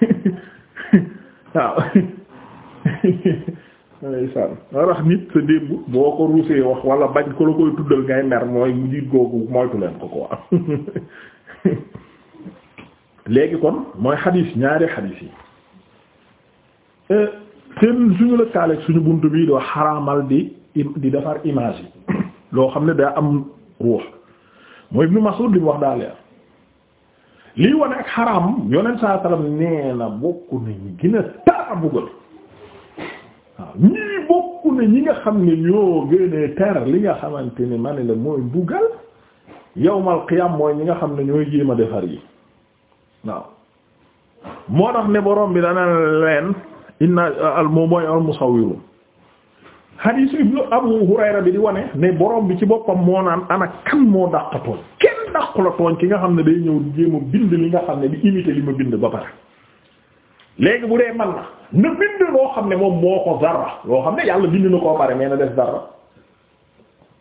waaw ndeysaan nga tax nit sa démb boo ko ruusee wax wala bañ ko la koy tuddal ngay mer mooy googu moytu leen ko ko am léegi kon mooy xadiis ñaari xadiis yi euh, seen suñu la kaaleeg suñu bunt bi doo xaraamal di di defar image yi loo xam ne daa am ruux mooy Ibnu Mas'ud li wax daa lii wane ak xaraam yonent saa salaam nee bokk nañ gën a tar buggal waaw ñii bokk na ñi nga xam ne ñoo gën a li nga xamante ni ma la mooy buggal yawmal qiyam mooy ñi nga xam ne ñooy jéem a defar yi waaw moo tax ne borom bi dana leen inna al moom mooy al musawwirun hadith abu hurayra bi di wane ne borom bi ci boppam moo naan ana kan moo dàqatoo kenn dàqu la ki nga xam ne day ñëw jéem a bind li nga xam ne di imiter li ma bind ba pare léegi bu dee man na na bind loo xam ne moom moo ko zarra loo xam ne yàlla bind na koo pare mais na def zarra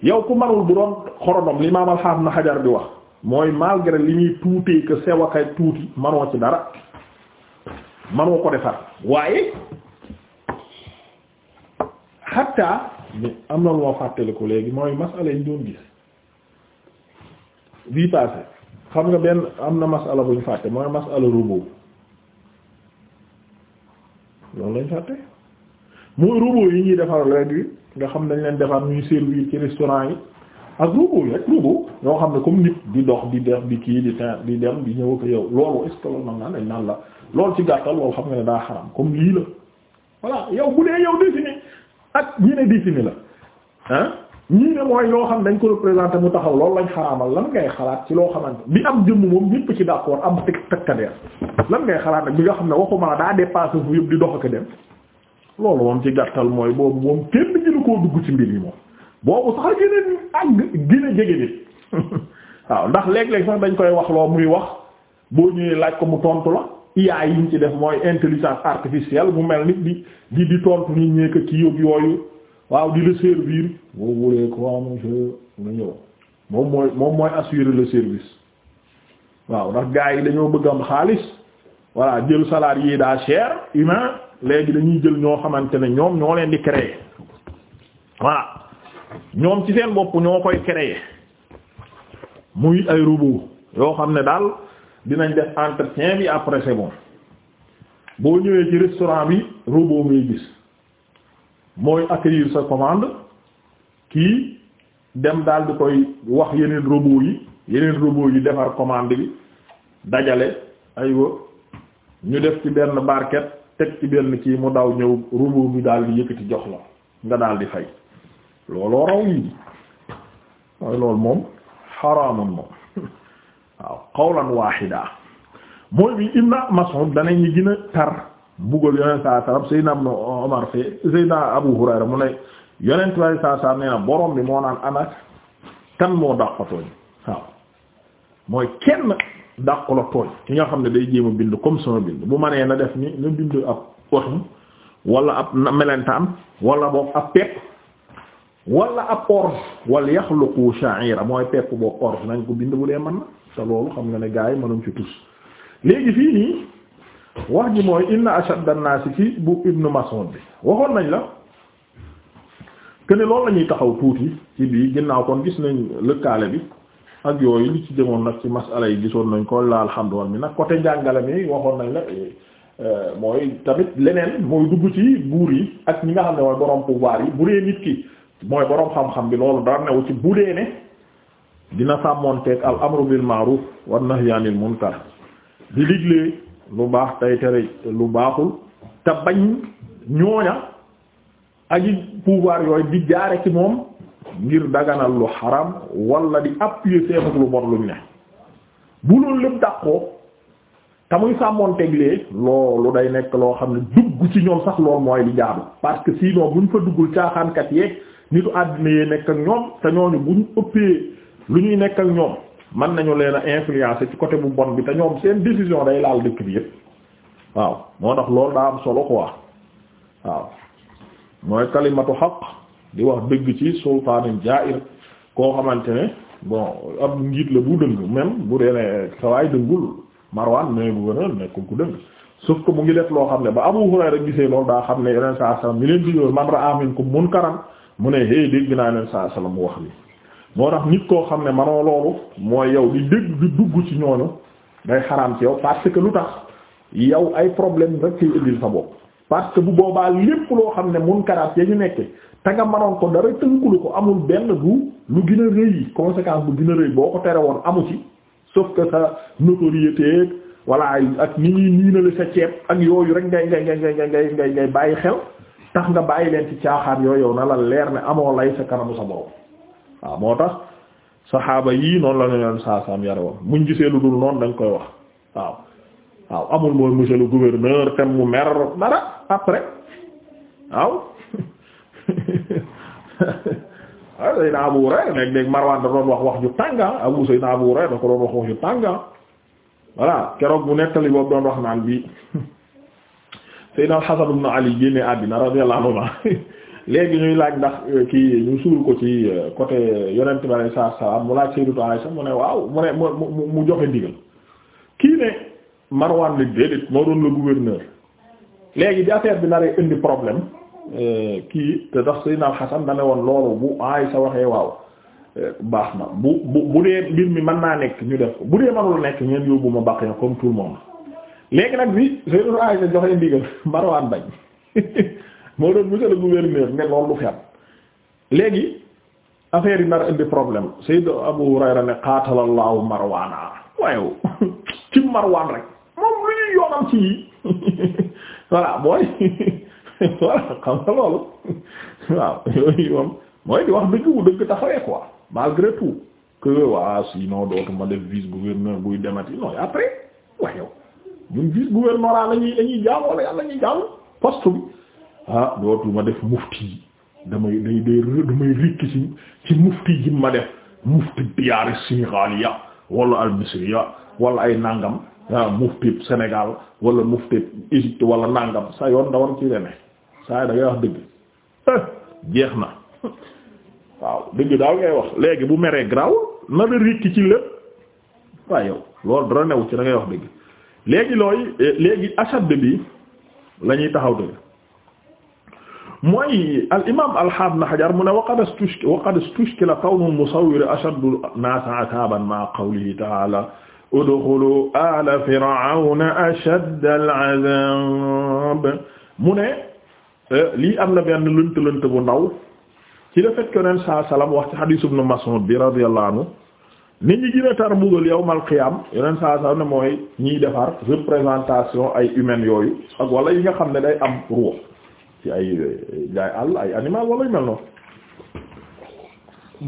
yow ku manul bu doon xorodom li maamal xaaf na xajar bi wax mooy malgré li ñuy tuutee que sewakay tuuti manoo ci dara manoo ko defar waaye xatta mais am na lu ma fàttaliku léegi mooy masala yi ñu doon gis bii passé xam nga benn am na masala bu ñu fàtte mooy masala robot loolu lañ fàtte mooy robot yi ñuy defar léegi nga xam dañ leen defar ñuy servir ci restaurant yi ak robot yi rek robot ñoo xam ne comme nit di dox di def di kii di ten di dem di ñëw ko yow loolu est ce naan dañ naan la loolu ci gàttal loolu xam nga ne daa xaram comme lii la voilà yow bu dee yow dessiné ak ñi ne la ah ñii ne mooy loo xam dañ ko représenté mu taxaw loolu lañ xaraamal lan ngay xalaat ci loo xamante bi am jëmm moom ñépp ci d'accord am tëkkadeer lan ngay xalaat nag bi nga xam ne waxuma daa dépassé fu yëpp di dox ak dem loolu moom ci gàttal mooy boobu moom kenn gënu koo dugg ci mbir yi moom boobu sax gën a àgg gën a jege nit waaw ndax léeg-léeg sax dañ koy wax loo muy wax boo ñëwee laaj ko mu tontu la IA yi ñu ci def mooy intelligence artificielle mu mel ni di di di tontu ni ñeek ki yóbbu yooyu. waaw di le servir vous voulez quoi monsieur nga ñëw moom mooy moom mooy assurer le service waaw ndax gars yi dañoo bëgg am xaalis voilà jël salarié yi daa cher humain léegi dañuy jël ñoo xamante ne ñoom ñoo leen di créer voilà ñoom ci seen bopp ñoo koy créer muy ay robot yoo xam ne daal dinañ def entretien bi après c'est boo ñëwee ci restaurant bi robot ngay gis mooy accueillir sa commande kii dem daal di koy wax yeneen robot yi yeneen robot yi defar commande bi dajale aywa ñu def ci benn barquette teg ci benn kii mu daw ñëw robot bi daal di yëkkati jox la nga daal di fay looloo raw yi mooy loolu moom xaraamun moom waaw qawlan waaxidaa mooy bi Ibn Mas'ud danañ ñi gën a tar mbugal yonent saa salaam Seydina Omar fe Seydina Abu Hurayra mu ne yonent waaye saa salaam nee na borom bi moo naan ana kan moo dàq tooñ waaw mooy kenn dàq la tooñ ki nga xam ne day jéem a bind comme sama bind bu ma nee na def ni na bind ab otum wala ab melentaan wala boog ab pepp wala ab orge wal yaxluqu sha'ira mooy pepp boog orge nañ ko bind bu dee mën na te loolu xam nga ne gars yi ci tus léegi fii nii. wax ji mooy inna ashadda an-naasi ci bu ibnu Mas'ud bi waxoon nañ la que ne loolu la taxaw tuuti ci bii ginnaaw kon gis nañ lëkkaale bi ak yooyu li ci jëmoon nag ci masala yi gisoon nañ ko la alhamdulilah mi nag côté njàngale mi waxoon nañ la euh, mooy tamit leneen mooy dugg ci buur yi ak ñi nga xam ne mooy borom pouvoir yi bu dee nit ki mooy borom xam-xam bi loolu dara newu ci bu ne dina sàmmoon teg al amru bil ma'ruf wan nahyi anil munkar di diglee lu baax tey tere lu baaxul te bañ ak aji pouvoir yooyu di jaare ci moom ngir daganal lu xaram wala di appuyer seenuk lu bon luñ ne bu loolu lépp dàqoo te muy sàmmoon teglee loolu day nekk loo xam ne dugg ci ñoom sax loolu mooy li jaadu parce que sinon buñ fa duggul caaxaankat yeeg nitu àddina yee nekk ak ñoom te ñooñu buñ ëppee lu ñuy nekk ak ñoom man nañu leen a influencer côté bu bon bi te ñoom seen décision day laal dëkk bi yëpp waaw moo tax lool daa am solo quoi waaw mooy kalimatu xaq di wax dëgg ci sultaanin jaa'ir koo xamante ne bon ab njiit la bu dëng même bu dee ne sawaay dëngul Marwan mais gouverneur nekkul ku dëng sauf que mu ngi def loo xam ne ba Abu Hurayra gisee loolu daa xam ne yeneen saa salaam mi leen di yooyu man ra'a minkum munkaran mu ne hey dégg naa yeneen saa salaam mu wax li moo tax nit koo xam ne manoo loolu mooy yow di dégg di dugg ci ñooñu day xaraam ci yow parce que lu tax yow ay problème rek ciy indil sa bopp parce que bu boobaa lépp loo xam ne mun karaat ya ñu nekk te nga manoon ko dara tënkulu ko amul benn bu lu gën a rëy conséquence bu gën a rëy boo ko tere woon amu ci sauf que sa notoriété walla ak ni ñuy niinale sa ceeb ak yooyu rek ngay ngay ngay ngay ngay ngay bàyyi xel tax nga bàyyi leen ci caaxaan yooyu yow na la leer ne amoo lay sa kanamu sa waaw moo tax saxaaba yii noonu la leen saa saam yare woon muñ gisee lu dul noonu dañ koy wax waaw waaw amul mooy monsieur le gouverneur tem mu mer dara après waaw waaw Seydina Abu Hurayra léeg-léeg doon wax wax ju tànga ah Abu Seydina Abu Hurayra da ko doon wax wax ju tànga ah voilà keroog bu nettali boobu doon wax naan bi Seydina Al-Hasan ibn Ali génne àddina radiyallahu anhu léegi ñuy laaj ndax euh, ki ñu suul ko ci euh, côté euh, yonent bi alayhi salaam mu laaj Sayyidatu Aisha mu ne mu ne mu mu joxe ndigal kii ne moo doon le gouverneur léegi bi affaire bi naree indi problème kii te tax Sayyidina Hasan dane woon loolu bu Aisha waxee waaw baax na bu bu bu dee mbir mi mën naa nekk ñu def ko bu dee mënul nekk ngeen yóbbu ma bàq comme tout le léegi nag bi Sayyidatu Aisha joxe ndigal Marwan bañ moo doon monsieur le gouverneur ne loolu du léegi affaire yi nar indi problème Sayyid Abu Hurayra ne qatalallahu Marwaana waaye ci Marwaan rek moom lu ñuy yoonam ci yi voilà mooy voilà xam nga loolu waaw mooy di wax dëgg dëgg taxawee quoi malgré tout que dootuma def vice gouverneur buy demati non après waaye ñun vice gouverneur la ñuy la ñuy yàlla ñuy jaamu poste ah dootuma def mufti damay day day damay rikki ci mufti ji ma def mufti diyaar Sénégaliya wala al Misriya wala ay nangam ah mufti Sénégal wala mufti Égypte wala nangam sa yoon da war ci deme saa yi da ngay wax dëgg eh jeex na waaw dëgg daal ngay wax léegi bu meree graw na la rikki ci lépp waaye loolu dara new ci da ngay wax dëgg léegi looy eh, léegi asad bi la ñuy taxaw dëgg mooy al imaam alxaam na xajar mu ne waqad istush waqad istushkila kawnu musawwir ashaddu naas ataaban maa qawlihi ta'aala udxulu aala firawna ashadda al mu ne eh, lii am na benn lënt lënt bu ndaw ci le fait que ren saa salaam wax ci hadiis ibn Mas'uud bi radiyallahu anhu nit ñi gën a tar mbugal yawmal qiyaam yeneen saa salaam mooy ñiy defar représentation ay humaines yooyu ak wala yi nga xam ne day am ruux. ci ay jaay àll ay animal wala yu mel noonu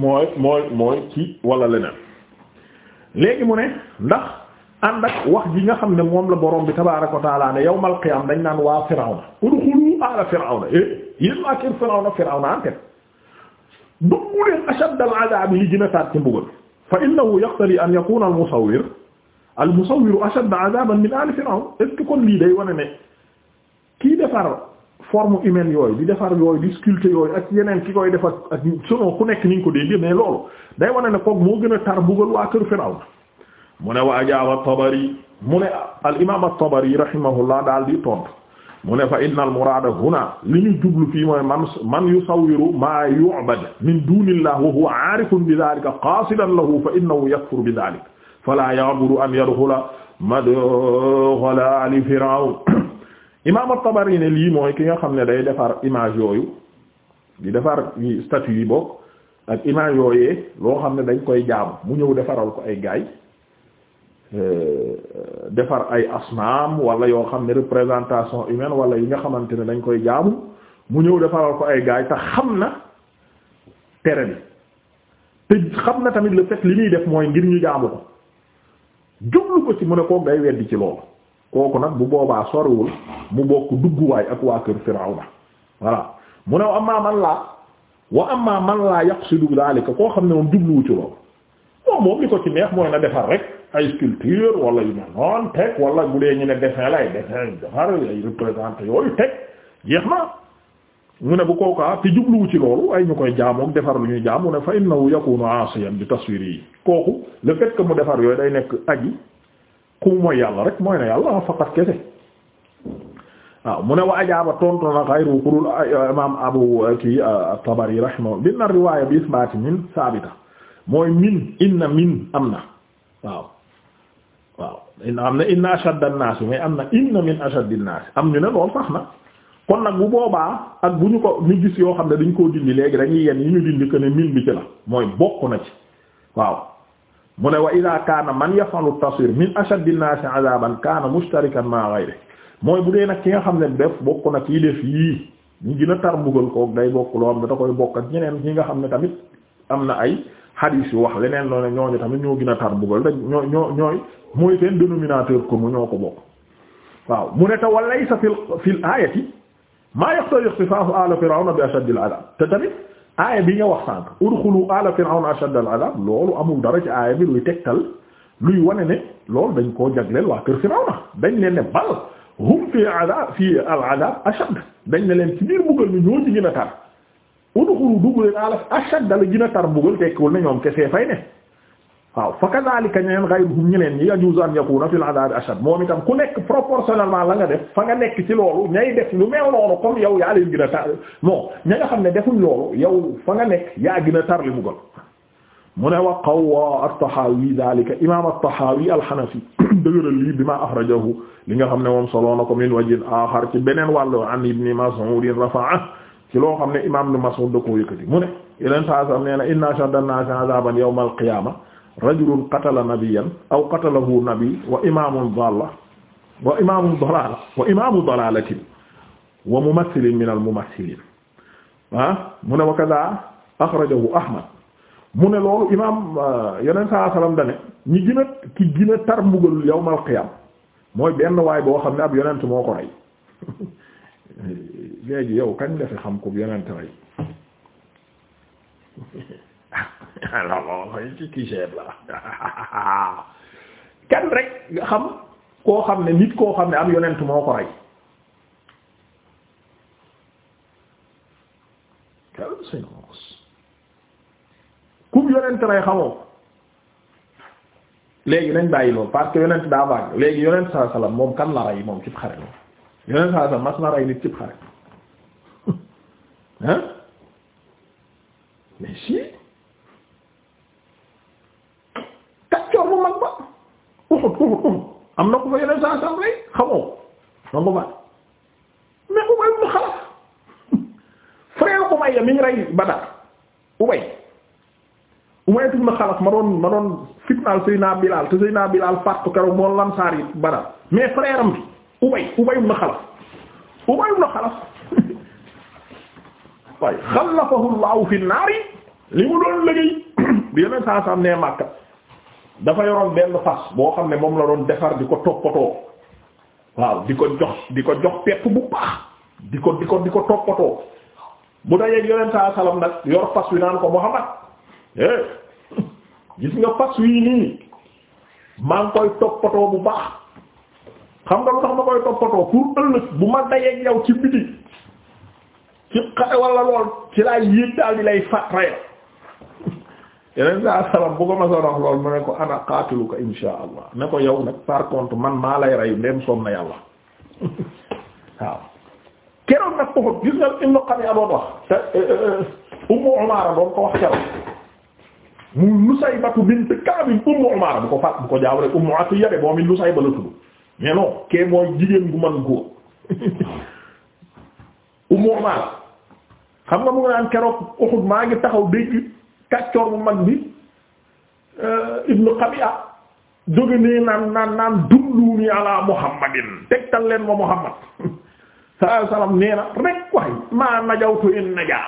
mooy mooy mooy ci wala leneen léegi mu ne ndax ànd ak wax ji nga xam ne moom la borom bi tabaaraka wa taala ne yawmal qiyaam dañ naan waa Firawna udxulu ala Firawna eh yéen waa kër Firawna Firawna al adaab li gën a taat ci mbugal fa innahu yaqtadi an yakuna al musawwir al musawwir ashad adaban min aali Firawna est ce kon lii day wane ne kii defar. forme humaine yooyu di defar yooyu di sculpter yooyu ak yeneen ki koy defar ak selon ku nekk ni ñu ko déggee mais loolu day wane ne koog moo gën a tar bugal waa kër Firawna mu ne wa ajaaba Tabari mu ne al imaam at-Tabari rahimahullah daal di tontu mu ne fa inna al muraada huna li ñu jublu fii mooy man man yusawwiru maa yu'bad min duunillah wa huwa aarifun bi dhaalika qaasidan lahu fa innahu yakfuru bi dhaalika falaa ya'buru an yadkhula madkhala aali Firawna imaam at-Tabari ne lii mooy ki nga xam ne day defar image yooyu di defar statue yi bokk ak image yooyee loo xam ne dañ koy jaamu mu ñëw defaral ko ay gaay euh, defar ay asnaam wala yoo xam ne représentation humaine wala yi nga xamante ne dañ koy jaamu mu ñëw defaral ko ay gaay te xam na tere bi te xam na tamit le fait li ñuy def mooy ngir ñu jaamu ko jublu ko ci mu ne koog day weddi ci loolu kooku nag bu boobaa soriwul mu bokk dugguwaay ak waa kër Firawna voilà mu ne wa amma man laa wa maa man laa si yaqsidu daalika koo xam ne moom jubluwu ci loolu moom moom li ko ci neex mooy na defar rek ay sculpture wala yu ne noon teg wala bu dee ñu ne dessin la ay dessin defar ay représenté yooyu teg jeex na mu ne bu kookaa te jubluwu ci loolu ay ñu koy jaamook defar lu ñuy jaam mu ne fa innahu yakunu aasiyan bi taswiri yi kooku le fait mu defar yooyu day nekk aji ku mooy yàlla rek mooy na yàlla ah faqat kese waaw mu ne wa ajaaba tontu na xayru ku dul abu kii tabari rahimahu binna riwaaya bi isbaati min saabita mooy min inna min am na waaw waaw inna am na inna ashad an-naas mais am na inna min ashad an am ñu ne lool sax na kon nag bu boobaa ak bu ñu ko ñu gis yoo xam ne dañ koo dindi léegi dañuy yenn yi ñu dindi que ne min bi ci la mooy bokk na ci waaw mu ne wa ida kaana man yafalu taswir min ashaddi an-nas azaban kaana mushtarikan ma ghayri mooy bu dee nag ki nga xam ne def bokk na kii def yii ñu gën a tar mbugal koog day bokk loo am da koy bokk ak ñeneen ñi nga xam ne tamit am na ay hadith yu wax leneen loo ñooñu tamit ñoo gën a tar mbugal da ñoo ñoo ñooy mooy seen dénominateur commun ñoo ko bokk waaw mu ne te wa laysa fil fil ayati maa yaqtadi ikhtifaafu ala firawna bi ashaddi al te tamit aaya bi nga wax sànq udxulu ala fir'auna ashadda al-'adab loolu amul dara ci aaya bi luy tegtal luy wane ne loolu dañ koo jagleel waa kër fir'auna dañ leen ne bal hum fi adab fi al ne leen ci biir mbugal mi ñoo ci gën a tar udxulu dugg leen ala ashadda la gën a tar mbugal tekkiwul ne ñoom kese fay ne waaw fa kadhalika ñeneen ghayruhum ñeneen ñi yajuzu an yakuna fil adab ashad moom nekk proportionnellement nga def fa nga nekk ci loolu ñay def lu mel noonu comme yow a xam ne defuñ loolu yow fa nga nekk yaa gën a tar li mu gën mu ne wa qawwa at-Tahawi dhalika imam at-Tahawi al-Hanafi dëgëral lii bima akhrajahu li nga xam ne moom soloo na ko min wajhin akhar ci beneen wàllu an ibn Mas'ud rafa'a ci loo xam ne imam Ibn Mas'ud da koo yëkkati mu ne yeneen saa sam nee na inna ashadda an-nas 'adaban yawm al-qiyamah rajulun qatala nabiyan aw qatalahu nabi wa imaamun dalla wa imaamu dalala wa imaamu dalalatin wa mumathilin min al mumathilin mu ne wa kaza akhrajahu ahmad mu ne loolu imaam yeneen saa salaam da ñi gën tar mbugal yawmal qiyaam mooy benn waay boo xam ne ab yonent moo ko rey léegi yow kañ nga fi xam ko yonent rey ci t kan rek nga xam koo xam ne nit koo xam ne am yonent moo ko rey kan sëñ mos kum yonent rey xamoo léegi nañ bàyyi loolu parce que yonent daa vague léegi yonent saa salaam moom kan la rey moom cib xare moom yonent saa salaam mas na rey nit cib xare hein mais am na ko fa yeneen saa saa rey xamoo xam nga ba mais ubay mu xalaf frère ubay ya mi ngi rey Badar ubay ubay na xalaf ma doon ma doon fitnaal Seydina Bilal te Seydina Bilal fàttu keroog moo lamsaar yi mais frère am bi ubay ubay mu na xalaf ubay na xalaf waaye xalafahu Allahu fi naari li mu doon liggéey yeneen saa saa ne Makka dafa yoroon benn fas boo xam ne moom la doon defar di ko toppatoo waaw di ko jox di ko jox pepp bu baax di ko di ko di ko toppatoo bu dajeeg yonent saa salaam nag yor fas wi naan ko Muhammad eh gis nga fas wii nii maa koy toppatoo bu baax xam nga lu tax ma koy toppatoo pour ëllëg bu ma dajeeg yow ci biti ci xare wala lool ci laay yéeg daal di lay fat rey yeneen saa salaam bu ko ma sa lool mu ne ko ana qaatiluka insha allah ne ko yow nag par contre man maa lay rey ndem soom na keroog nag Uhud gis nga Ibnu Qami'a doon eh, eh, eh, Ummu Ummu Umaara bu ko faat bu ko la tudd mais non kee mooy jigéen gu man góor Ummu Umaara xam nga mu ngi naan keroog Uhud maa ngi taxaw dégg kàccoor bu mag bi euh, ibnu Qabi'a jóge nee naan naan naan dulluni ala muhammadin tegtal leen ma muhammad sallallahu alayhi wasallam nee na rek waay maa najawtu in najaa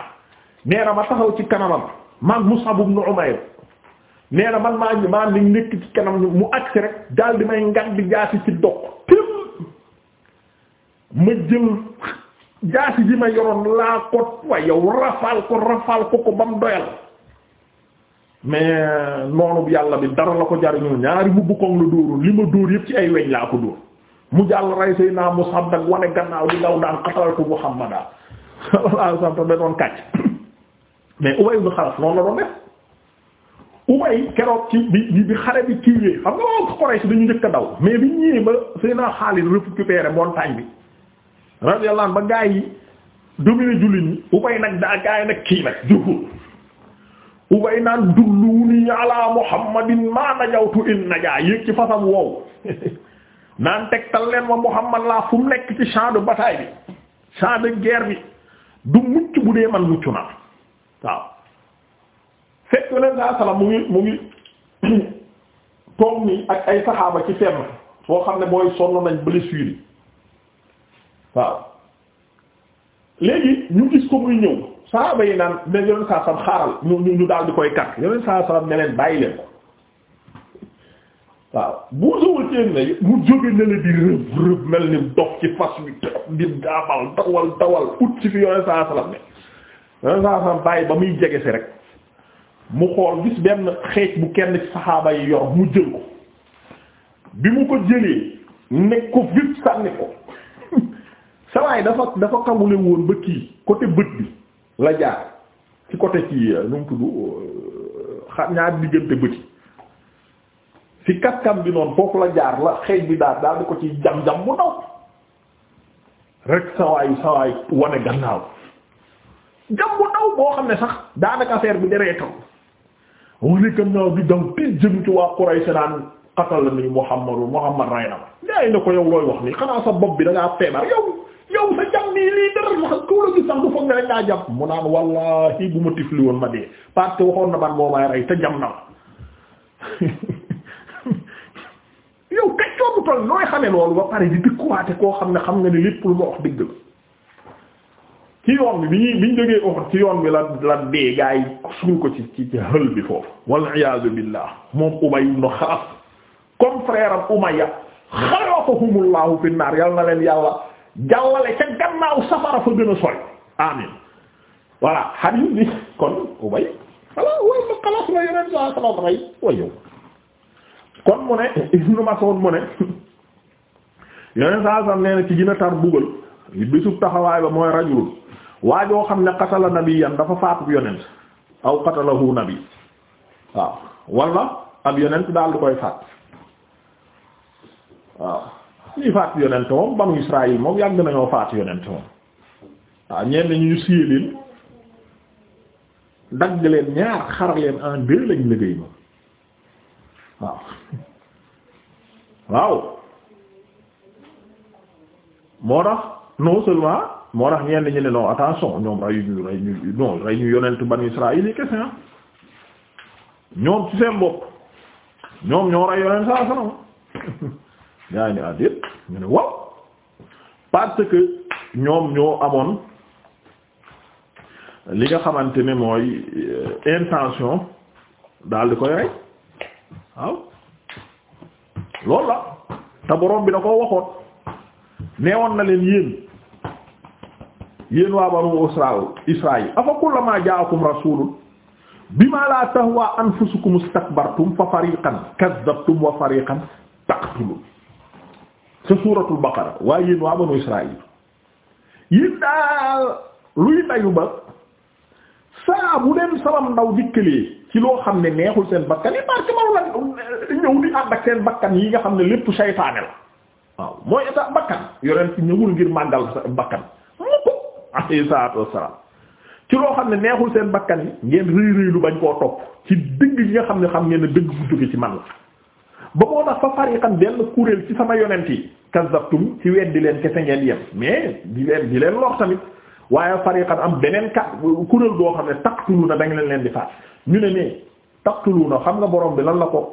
nee na ma taxaw ci kanamam maag Mus'ab ibn Umayr nee na man maa maa ni nekk ci kanam mu agsi rek daal di may ngan jaasi ci doq ma jël jaasi ji ma yoroon laa ko waaye yow rafaal ko rafaal ko ko ba doyal mais noonu yàlla bi dara la ko jariñu ñaari mubbu koŋ la dóoroon li ma dóor yëpp ci ay weñ laa ko dóor mu jàll rey say naa Musab nag wane gannaaw di daw daan xatalatu Muhammadaa sallallahu alayhi wa sallam da doon kàcc mais Ubay ibn Xalaf noonu la doon def Ubay keroog ci bi bi xare bi kiiwee xam nga waa Quraysh dañu njëkk a daw mais bi ñëwee ba say naa Xaalid récupéré montagne bi radiyallahu ba gaa yi dominer jullit ñi Ubay nag daa gaa yi nag kii nag juhur ubay naan dulluni ala muhammadin ma najawtu in najaa yéeg ci fasam wow naan tegtal leen ma muhammad laa fu mu nekk ci champ de bi champ de bi du mucc bu dee man mucc naa waaw fekk leen saa salaam mu ngi mu ngi toog nii ak ay saxaaba ci fenn foo xam ne mooy sonn nañ blessure yi waaw léegi ñu gis ko muy ñëw saxaaba yi naan mais yoneen saa sam xaaral ñu ñu daal di koy kat yoneen saa sam ne leen bàyyi leen ko waaw bu sowal ceen na mu jóge na la di mel ni dox ci fas wi ba mu xool gis bu kenn ci yi mu jël ko bi mu ko jëlee nekk dafa dafa xamule woon ba kii côté bët bi la jaar ci côté ci euh, nu mu tudd euh, ñaar diggante bëti ci katkam bi noonu foofu la jaar la xeej bi daal daal di ko ci jam-jam bu ndaw rek sawaay sawaay wane gannaaw jam bu xam ne sax daanaka affaire bi dereetam wane gannaaw bi daw te jëm ci waa Quraysh naan xatal la ni Muhammadu Muhammad rey na ma yaay ko yow looy wax nii xanaa sa bopp bi da ngaa feebar yow yow sa nii lii dara ma ko la gis sax du foog ne rek jàpp mu naan wallahi bu ma tifli woon ma dee parce waxoon na ban moo may rey te jam na la yow kay coobu toll nooy xamee loolu ba pare di dëkkuwaate koo xam ne xam nga ne lépp lu ma wax dëgg la ci yoon bi bi ñuy bi ñu jógee oxot ci yoon bi la la dee gaa yi suul ko ci ci hël bi foofu wal iyaazu billaah moom Ubay ibn Xalaf comme frère am Umayya xalafahumullahu fi naar yal na leen yàlla jàllale ca gannaaw safara fa gën a sori amin voilà hadith bi kon ubay voilà way ma xalaas la yeneen sa salam rey way yow kon mu ne Ibnu Mas'ud mu ne yeneen saa salam nee ci gën a tar bugal bisub taxawaay ba mooy rajulul waajoo xam ne qatala nabiyan dafa faatu yonent aw qatalahu nabi waaw wala ab yonent daal du koy faat waaw ñuy faat yonent moom banu Israël moom yàgg nañoo faat yonent moom waaw ñenn ñu siyee leen dagg leen ñaar xar leen en deux lañ liggéey moom waaw waaw moo tax non seulement moo tax ñenn ñu ne non attention ñoom rey ñu rey ñu non rey ñu yonent banu Israël yi kese ah ñoom ci seen bopp ñoom ñoo rey yonent saa salaam gaa ni addit ah, ñu ne waaw parce que ñoom ñoo amoon li nga xamante ne mooy euh, intention daal di koy rey waaw loolu la te borom bi da koo waxoon neewoon na leen yéen yéen waa banu Israël Israël afa kullamaa jaakum rasulun bima la tahwa anfusukum istakbartum fa fariqan kazzabtum wa fariqan taqtulun ca suuratul baqara waaye yéen waa banu israil yéen daal luy dayu ba saa bu dem ndaw ndaw dikkalee ci loo xam ne neexul seen bakkan yi parce yi nga xam ne lépp saytaane la waaw mooy état bakkan yoreen ci ñëwul ngir màggal sa bakkan mukk alayhi salaatu wassalaam ci loo xam ne neexul seen bakkan yi ngeen réy réy lu bañ koo topp ci dëgg yi nga xam ne xam ngeen ne dëgg bu jóge ci man la ba moo tax fa fariqan benn kuréel ci sama yonent yi kazzabtum ci weddi leen kese ngeen yem mais di leen di leen lor tamit waaye fariqan am beneen kat kuréel boo xam ne taqtuluna da ngeen leen di faat ñu ne nee taqtuluna xam nga borom bi lan la ko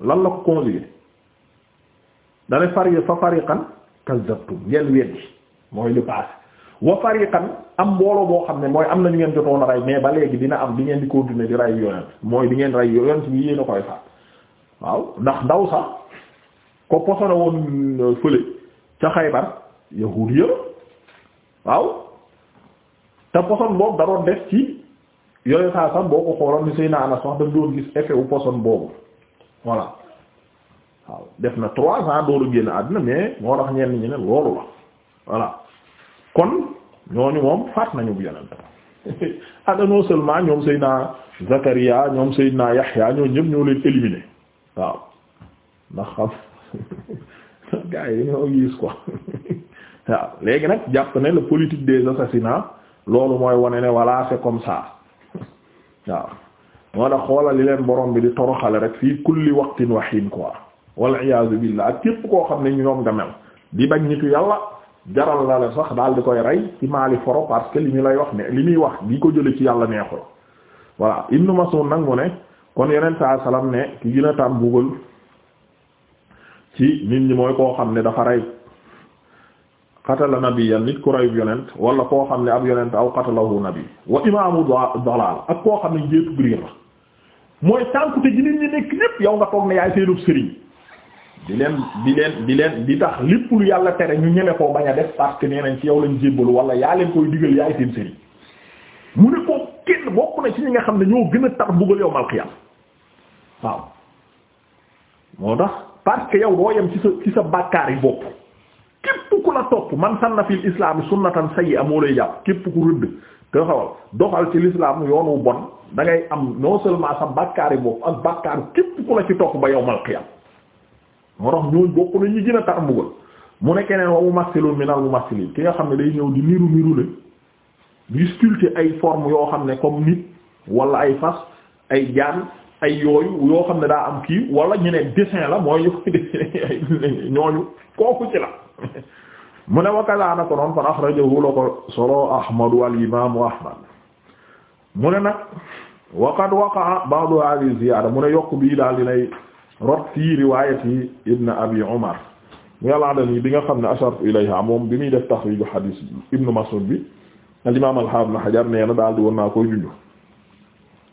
lan la ko conjugué dane fari fa fariqan kazzabtum ngeen weddi mooy lu paase wa fariqan am mbooloo boo xam ne mooy am na ñu ngeen jotoon a rey mais ba léegi dina am di ngeen di continuer di rey yonent mooy di ngeen rey yonent bi yéen koy faat waaw ndax ndaw sax ko posone woon euh, fële ca Xaybar yahudiya waaw te poson boobu da def ci yooyu saa sax boo ko xooloon ni Seydina Anas wax dañ doon gis effet poson boobu voilà waaw def na trois ans dooru génn àddina mais moo tax ñenn ñi loolu la voilà kon ñooñu moom faat nañu bu yeneen ah non seulement ñoom Seydina Zakaria ñoom Seydina Yahya ñoo ñëpp ñoo leen éliminé waaw ndax xam gars yi ñoo gis quoi waaw léegi nag jàpp ne le politique des assassinats loolu mooy wone ne voilà c'est comme ça waaw moo tax xoolal li leen borom bi di toroxale rek fii kulli waqtin waxiin quoi wal iyaazu billah ak képp koo xam ne ñoom nga mel di bañ nitu yàlla jaral la la sax daal di koy rey ci maali foro parce que li ñu lay wax ne li muy wax di ko jële ci yàlla neexul voilà Ibn Mas'ud nag mu ne kon yeneen saa salaam ne ki gën a tàm ci nit ñi mooy koo xam ne dafa rey qatala nabiyyan nit ku reyub yonent wala koo xam ne ab yonent aw qatalahu nabi wa imaamu dalal ak koo xam ne njeetub riir la mooy tànkute ji nit ñi nekk ñépp yow nga toog ne yaay seenub sëriñ di leen di leen di leen di tax lépp lu yàlla tere ñu ñeme koo bañ a def parce ne nañ ci yow lañ jébbalu wala yaa leen koy digal yaay seen sëriñ mu ne koo kenn bokk na ci ñi nga xam ne ñoo gën a tar bugal yow mal waaw moo tax parce que yow doo yem ci sa ci sa bàkkaar yi bopp képp ku la topp man sanna fil sunnatan sayyi'a moo lay jàpp képp ku rëdd te xawal doxal ci lislaam yoonu bon da ngay am non seulement sa bàkkaar yi bopp ak bàkkaaru képp ku la ci topp ba yawmal qiyam moo tax ñooñu bokk na ñu gën a tar mbugal mu ne keneen wa mumassilun minal mumassilin ki nga xam ne day ñëw di niru niru la di sculpter ay forme yoo xam ne comme nit wala ay fas ay jaan ay yooyu yoo xam ne daa am kii wala ñu ne dessin la mooy ñooñu kooku ci la mu ne wakkasaana ko noon fan axrajahu la ko solo ahmadu al imaamu ahmad mu ne nag waqad waqa'a ba'du hadhihi ziyaada mu ne yokk bii daal dinay rot fii riwaayati ibn abi umar mu yàlla dal bi nga xam ne ashartu ilayha moom bi muy def taxriiju xadiis ibn mas'ud bi al imaam al haafid nee na daal di war koy junju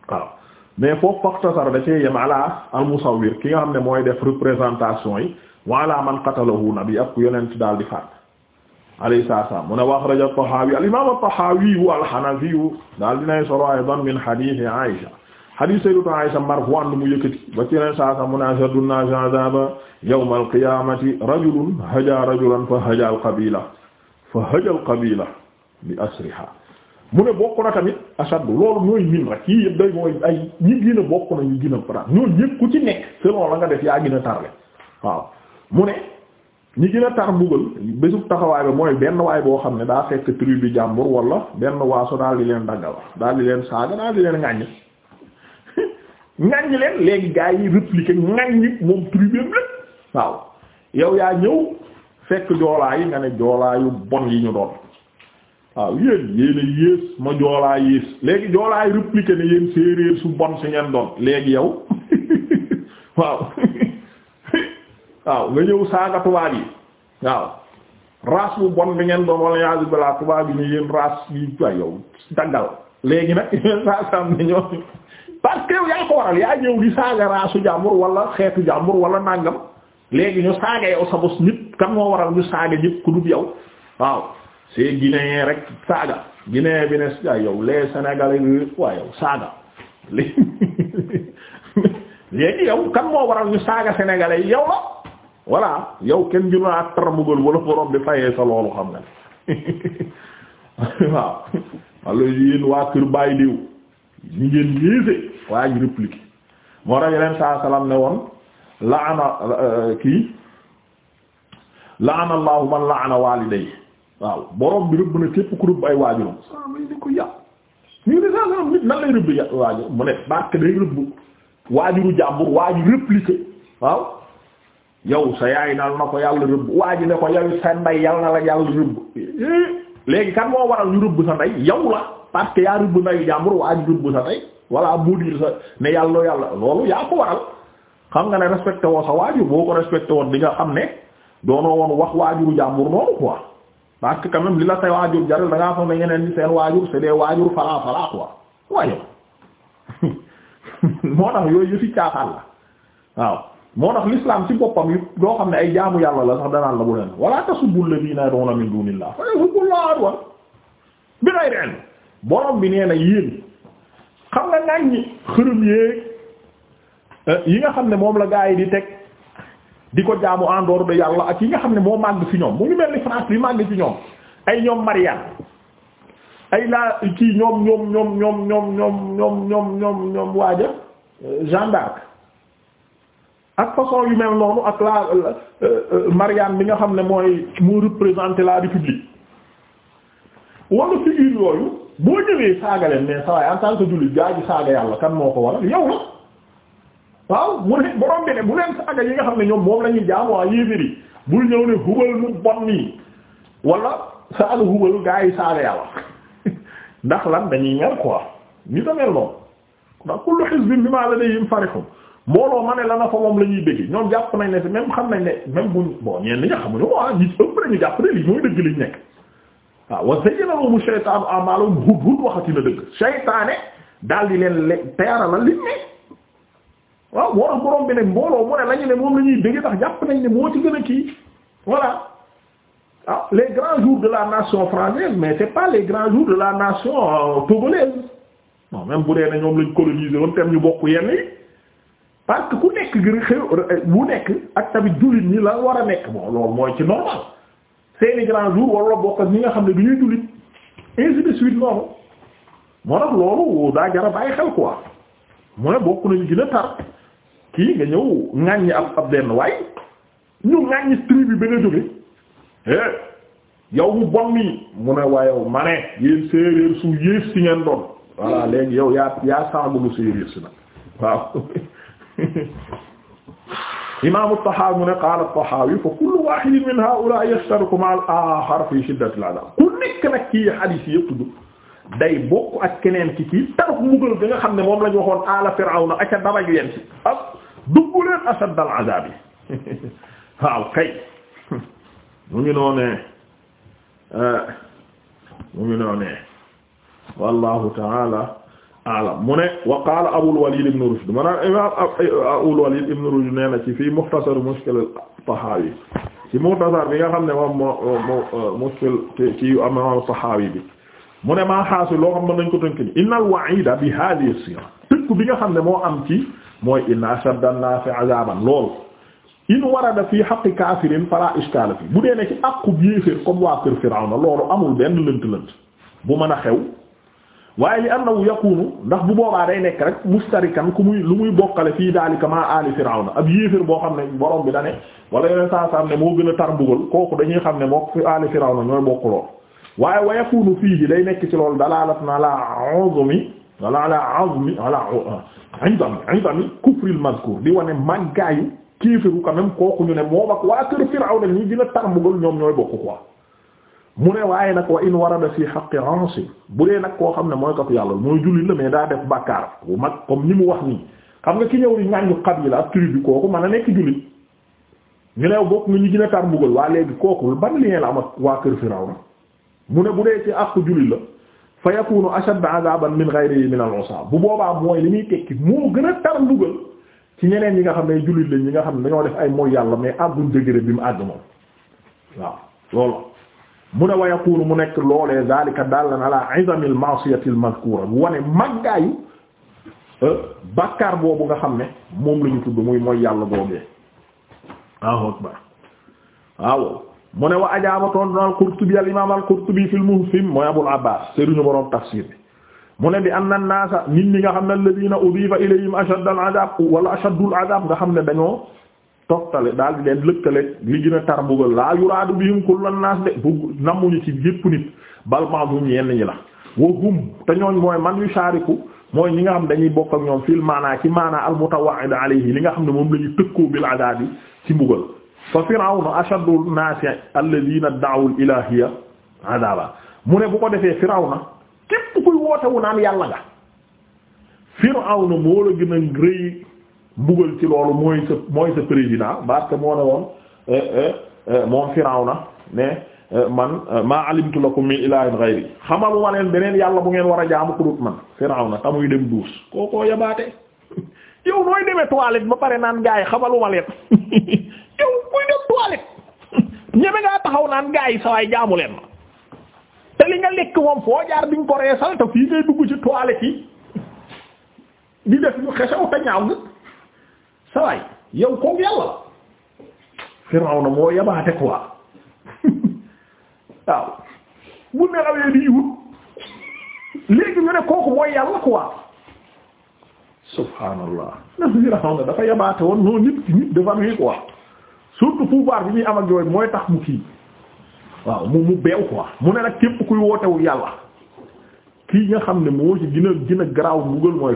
waaw mais foofu faktasar da cee yem ala al musawwir ki nga xam ne mooy def représentation yi wala man qatalahu nabi ab ku yonent daal di faat alayhi salaam mu ne wa axraja at-Tahawi al-imam at-Tahawi al-Hanafi daal dinay solo aydan min hadith Aisha hadith sayyidatu Aisha marfu'an mu yëkkati ba ci yonent saa saam mu ne ashaddu an-naasi 'adaaban yawma al-qiyaamati rajulun haja rajulan fa haja al-qabila fa haja al-qabila bi asriha mu ne bokk na tamit ashaddu loolu ñooy min rek yii yëpp day mooy ay ñi gën a bokk na ñu gën a faral ñooñu ñëpp ku ci nekk selon la nga def yaa gën a tarle waaw mu ne ñi gën a tar mbugal bésub taxawaay ba mooy benn waay boo xam ne daa fekk tribu bi jàmbur wala benn waaso daal di leen daggal daal di leen saaga daal di leen ŋàññ ŋàññ leen léegi gaa yi répliquer ŋàññ moom tribu bi waaw yow yaa ñëw fekk joolaa yi nga ne joolaa bon yi ñu waaw yéen yéen a yées ma joolaa yées léegi joolaay répliqué ne yéen séeréer su bon si ngeen doon léegi yow waaw waaw nga ñëw saaga tubaab yi waaw race bu bon bi ngeen doon wala yaasu balaa tubaab yi ne yéen race yi waaye daggal léegi nag saa saa am na ñoo parce que yaa ko waral yaa ñëw di saaga raasu jàmbur wala xeetu jàmbur wala nàngam léegi ñu saaga yow sa bos nit kan moo waral ñu saaga ñëpp ku dul waaw c'est guinéen rek saaga guinéen bi ne saa yow les sénégalais bi waa yow saaga léegi yow kan moo waral ñu saaga sénégalais yi yow la voilà yow kenn gënu naa tarmugal wala borom bi fayee sa loolu xam nga ne waaw wala yéen waa kër Baye Diw ñu ngeen yéese waa ñu réplique moo tax yeneen saa salaam ne woon laana euh, kii laana Allahu man laana waalidayhi waaw borom bi rëbb na képp ku rëbb ay waajuram saa may ni ko yàq ñu ne waajur mu ne barke day rëbb waajuru jàmbur waajur yaay nal na ko yàlla rëbb waajur ne ko sa ndey yàlla la yàlla rëbb eh, léegi kan moo waral ñu rëbb sa ndey yow la parce que yaa rëbb ndeyu jàmbur waajur rëbb sa ndey walla buudir sa ne yàlla yàlla loolu yaa ko waral xam nga ne respecté woo sa waajur boo ko respecté woon di nga xam ne doonoo woon wax waajuru jàmbur noonu quoi parce que quand même li la say waajur jaral da ngaa foog ne ñeneen ñi seen waajur c'est des waajur falaa falaa quoi waaye moo tax yooyu yëfi caaxaan la waaw moo tax l'islam ci boppam yu doo xam ne ay jaamu yàlla la sax danaan la bu leen wala tasubbu alladhina yad'una min dunillah fa borom bi nee na xam nga naan xërëm yéeg eh, yi nga xam ne moom la gaa yi di teg di ko jaamu en dehors de yàlla ak yi nga xam ne moo màgg fi ñoom mu ngi mel ni France bi màgg fi ñoom ay ñoom Marianne ay laa kii ñoom ñoom ñoom ñoom ñoom ñoom ñoom ñoom ñoom ñoom waaja euh, Jeanne d'Arc ak façon yu mel noonu ak la euh, euh, Marianne bi nga xam ne mooy mu représenter la République wala figure yooyu boo ñëwee saagaleen mais saa waay en tant jullit gaa ji saaga yàlla kan moo ko waral yow la waaw mu ne borom bi ne bu leen saaga yi nga xam ne ñoom moom la ñuy jaam waa yéefiri bul ñëw ne hubal mu bon nii wala saaga hubal gaa yi saaga yàlla ndax lan dañuy mel quoi ni tamel noonu ndax kullu hizbin bima ladayhim farihun mbooloo ma ne la na fa moom la ñuy bëgg ñoom jàpp nañ ne même xam nañ ne même bu bon ñeen ñi nga xamuñu waa ah ñi ëpp nañu jàpp ne lii mooy dëgg liñ nekk waaw wa zayyana lahum shaytanu a'malahum hud hud waxati na dëgg shaytaane daal di leen le teeralal liñ nekk waaw moo tax borom bi ne mbooloo mu ne lañu ne moom la ñuy dégg ndax jàpp nañ ne moo ci gën a kii voilà ah les grands jours de la nation française mais c'est pas les grands jours de la nation euh, togolaise même bu dee ne ñoom lañ colonisé woon ñu bokk yenn yi parce nekk ngir xew euh, bu nekk la war a ci normal seeni wala bokk ak ñi nga xam ne bi ñuy jullit ainsi de suite noonu moo tax loolu bokk nañu gën a tar kii nga ñëw ŋàññi ab ab benn waay ñu ŋàññi tribu bi nga jóge eh yow bu bon nii mu ne waaye ma ne yéen séeréer su yées si ngeen doon voilà léegi yow yaa yaa saagu séeréer si nag imaamu Tahawi mu ne qaala Tahawi fa kullu waahidin min haa'ulaa'i yashtariku ma'a ku nekk nag kii hadiis yëpp tudd day bokk ak keneen ki kii taruk mbugal ga nga xam ne moom lañu waxoon ala Firawna ak a dabaj leen ci dugg leen ashad al azabi waaw kay mu ngi noonee eh, mu ngi noonee wallahu taala alam mu ne wa qaala abul walid ibn rushd maanaam imam abul walid ibn rushd na ci fii mukhtasar mushkil tahawi ci mukhtasar bi nga xam ne moom moo mushkil ci imam tahawi bi mu ne maa xaasu loo xam mën nañ ko tënk ni innal bi hadhihi as-sira tëkk bi nga xam ne moo am ci mooy inna ashadda an-naasi azaban loolu in warada fii haqqi kaafirin fala ishkaala fii bu dee ne ci àqu yéeféer comme waa kër loolu amul benn lënt-lënt bu mën a xew waaye li annahu yakunu ndax bu boobaa day nekk rek mustarikan ku muy lu muy bokkale fii daalika maa aali Firawna ab yéeféer boo xam ne borom bi da ne wala yeneen saa saa ne moo gën a tar kooku dañuy xam ne moo fi aali Firawna ñooy bokk lool waaye wa yakunu fii ji day nekk ci loolu dalaalatun ala 'uzmi wala ala azmi ala ah, indami indami kufril mazkur di wane màggaayu kéeféru quand même kooku ñu ne moom ak waa kër Firawna ñi dina tar mbugal ñoom ñooy bokk quoi mu ne waaye nag wa in warada fi haqqi ansi bu dee nag koo xam ne mooy katu yàlla mooy julli la mais daa def bàkkaar bu mag comme ni mu wax nii xam nga ki ñëw di ñàññu qabila ak tribu kooku mën a nekk jullit ñu ne bokk nga ñu gën a tar mbugal waa léegi kooku ban lien la am ak waa kër Firawna mu ne bu dee ci àq julli la fa yakunu ashad azaban min ghayrihi min al-usa bu boobaa mooy li muy tekki moo gën a tar ndugal ci ñeneen ñi nga xam ne jullit lañ ñi nga xam ne dañoo def ay mooy yàlla mais àgguñ dëgëre bi mu àgg moom waaw loolu mu ne wa yakunu mu nekk loolee zalika dallan ala izamil ma'siyati al-mazkura wane màggaayu euh, bàkkaar boobu nga xam ne moom lañu ñu tudd muy mooy yàlla boobee waaw waaw mu ne wa ajaaba tontu al-Qurtubi al-imaam al-Qurtubi fil Muhsim mooy Abul Abbaas sëriñu boroom tafsiir bi mu ne bi anna naasa nit ñi nga xam ne alladhiina udifa ilayhim ashadda a adaab wala ashaddu al-'adaab nga xam ne dañoo al daal di leen lëkkale li gën a tar mbugal laa yuraadu bihim kullu an-naas de bu namuñu ci gépp nit bal ba'duhum yenn ñi la wa hum te ñooñ mooy man yu shaariku mooy ñi nga xam dañuy bokk ak ñoom fil maanaa ci maanaa al-mutawa'id alayhi li nga xam ne moom la ñu tëkkoo bil adaab ci mbugal fa firawnu ashaddu naasi alladina da'u ilahiya adaba mu ne bu ko defee firawna képp kuy wootewu naan yàlla nga firawna moo la gën a rëy mbugal ci loolu mooy sa mooy sa président parce que moo ne woon eh, eh, eh, moom firawna ne man maa alimtu lakum min ilahin ghayri xamaluma leen beneen yàlla bu ngeen war a jaamu ku man firawna tamuy dem duus kookoo yabaate yow nooy demee toilette ba pare naan gaay xamaluma leen yow kuy dem toilette ñeme ngaa taxaw naan gaa yi sawaay jaamu ma te li nga lekk moom foo jaar bi nga ko reesal te fii ngay dugg ci toilette yi di def lu xesaw te ñaaw nga sawaay yow koog yàlla la Firawna moo yabaate quoi waaw bu nelawee di wut léegi ñu kooku mooy yàlla quoi subhaanallah Firawna dafa yabaate woon noonu nit nit dafa nuy quoi surtout pouvoir bi muy am ak yooyu mooy tax mu kii waaw mu mu beew quoi mu ne nag képp kuy wootewu yàlla kii nga xam ne moo ci gën a gën a garaaw mbugal mooy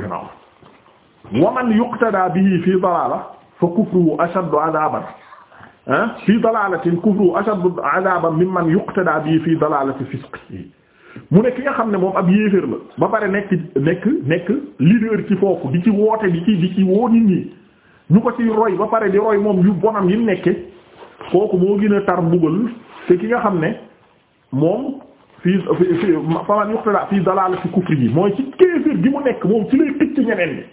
fii dalala fa kufruhu ashaddu adaban ah fii dalalatin kufruhu ashaddu adaban mimman yuqtada fii dalalati mu ne ki nga xam ne moom ab yéeféer la ba pare nekk nekk nekk leader ci foofu di ci woote di ci woo nit ñi ñu ko ci roy ba pare di roy moom yu bonam yi mu nekke kooku moo gën a tar mbugal te ki nga xam ne moom fii fii faman yuqtala fii dalal fi kufri ci kéefër gi mu nekk moom ci lay xëcc ñeneen ñi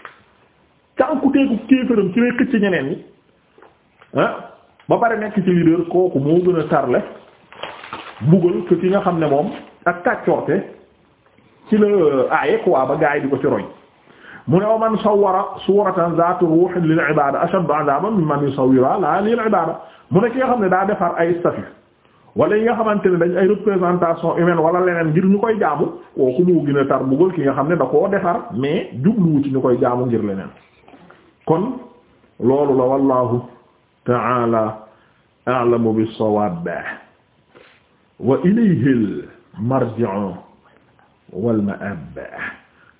cànkuteeku kéefëram ci lay xëcc ñeneen ñi ah ba pare nekk ci leader kooku moo gën a tarle mbugal que ki nga xam ne moom ak kàccoorte ci la aaye quoi ba gaay di ko ci roy mu ne wa man sawwara suuratan zaatu ruuhin lil ibaada ashaddu azaaban mimman yusawwiruhaa laa lil ibaada mu ne ki nga xam ne daa defar ay statue wala yi nga xamante ne dañ ay représentation humaine wala leneen ngir ñu koy jaamu kooku mu gën a tar bëggal ki nga xam ne da koo defar mais jubluwu ci ñu koy jaamu ngir leneen kon loolu la wallahu ta'ala a'lamu bis-sawaab wa ilayhil marji'u wal ma'aab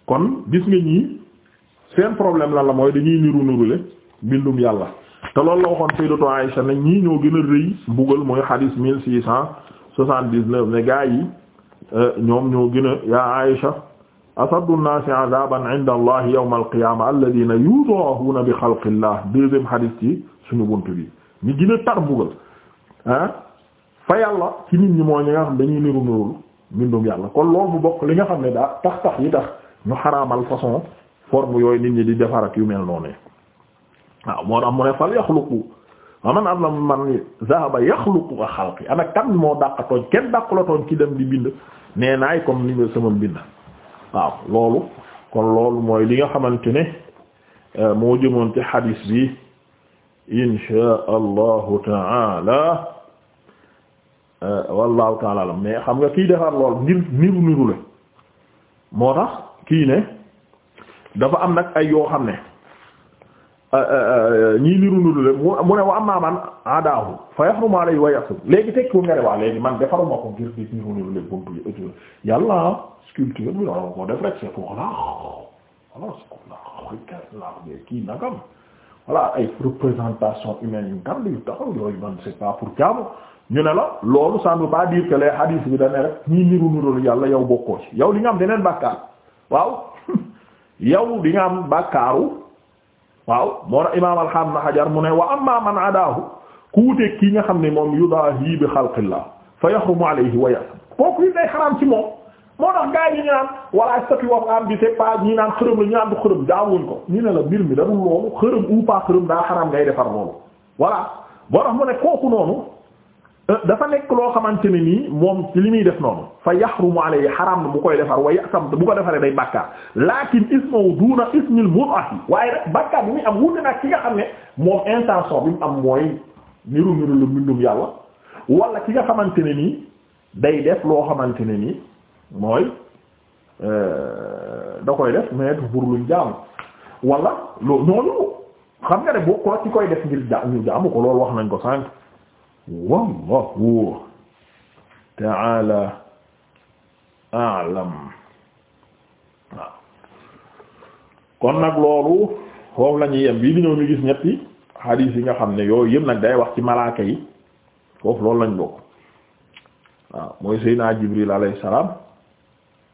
kon gis nga ñii seen problème la la mooy dañuy niru nirule bindum yàlla te lool la waxoon Sayyidatu Aïsha ne ñii ñoo gën a rëy mbugal mooy xadis mille six cent soixante-dix-neuf ne gaa yi euh, ñoom ñoo gën a yaa Aïsha asaddu nnaasi adaban inda allahi yawma alqiyama alladina yudaahuna bi bunt bi ñi a tar mbugal ah fa yàlla ci nit ñi moo ñi nga xam dañuy niru nirul bindum yàlla kon loolu bu bokk li nga xam ne daa tax tax yi tax ñu xaraamal façon forme yooyu nit ñi di defar yu mel noonu waaw moo tax mu ne fal yaxluqu wa man am na man zahaba yaxluqu ka xalqi ana kan moo dàq tooñ kenn dàq tooñ ki dem di bind nee comme ni sama bind waaw loolu kon loolu mooy li nga xamante ne euh, moo jëmoon ci xadiis bi insha allahu taala euh, wallahu taala alam xam nga kii defar lool ngir niru niru moo tax kii ne dafa am nag ay yoo xam ne euh, euh, euh, ñii niru niru mu ne wa amma man adaahu fa yahrumu alayhi wa yaqul léegi te nga ne waa léegi man defaruma ko ngir di niru niru leen buntu yi yàlla sculpture bi loolu kii nagam voilà ay représentation yu gàll yu taxaw yooyu man c'est pas pour jaamu ñu ne la loolu ça ne veut pas dire que hadith bi da ne rek ñii niru niru yàlla yow bokkoo ci yow li nga am deneen bàkkaar waaw. yow di nga am bàkkaaru waaw moo tax imaam alxam na xajar mu ne wa amma man adaahu ku kii nga xam ne moom yudaahi bi xalqillah fa yaxrumu alayhi wa yasam kooku yi day xaraam ci moom moo tax gaa yi naan wala statut of am bi c'est pas ñi naan xërëm la ñu naan du xërëm daawuñ ko ñu ne la mbir mi darul loolu xërëm ou pas xërëm daa xaraam ngay defar loolu voilà moo tax mu ne kooku noonu dafa nekk loo xamante ne nii moom ci li muy def noonu fa yaxrumu alayhi xaraam na bu koy defar wa yasam bu ko defaree day bàkkaar lakin ismahu duuna ismil mur'ati waaye rek bàkkaar bi muy am wuute nag ki nga xam ne moom ki nga xamante ne nii day def loo xamante ne nii mooy euh, da koy def mais du pour luñ jaamu wala loo ñooñu xam nga ne boo ko ci koy def ngir jaamu ñu jaamu ko loolu wax nañ ko sànq. wallahu ta'ala a'lam waaw kon nag loolu foofu la ñuy yem bii di ñëw ñu gis ñetti xadiis yi nga xam ne yooyu yëpp nag day wax ci malaaka yi foofu loolu lañ bokk waaw mooy Seydina Jibril alayhi salaam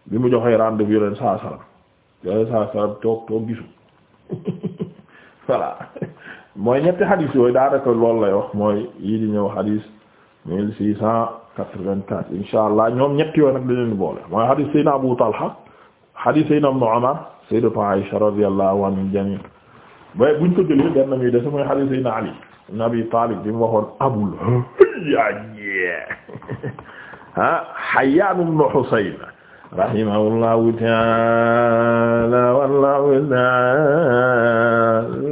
bi mu joxee rendez-vous yoneen saa salaam yoneen saa salaam toog toog gisu voilà mooy ñetti xadis yooyu daanaka loolu lay wax mooy yii di ñëw xadis mille six cent quatre-vingt-quatre insha ñoom ñetti yooyu nag dañu leen boole mooy xadis Seydina Abu Talha xadis Seydina Ibn Umar Sayyidatu Aisha radiyallahu anhum jami waaye buñ ko jëlee benn muy des mooy xadis Seydina Ali ibn Abi Talib bi waxoon Abul Hajjaj ah Hayyan ibn Husayn rahimahullahu ta'ala wallahu ta'ala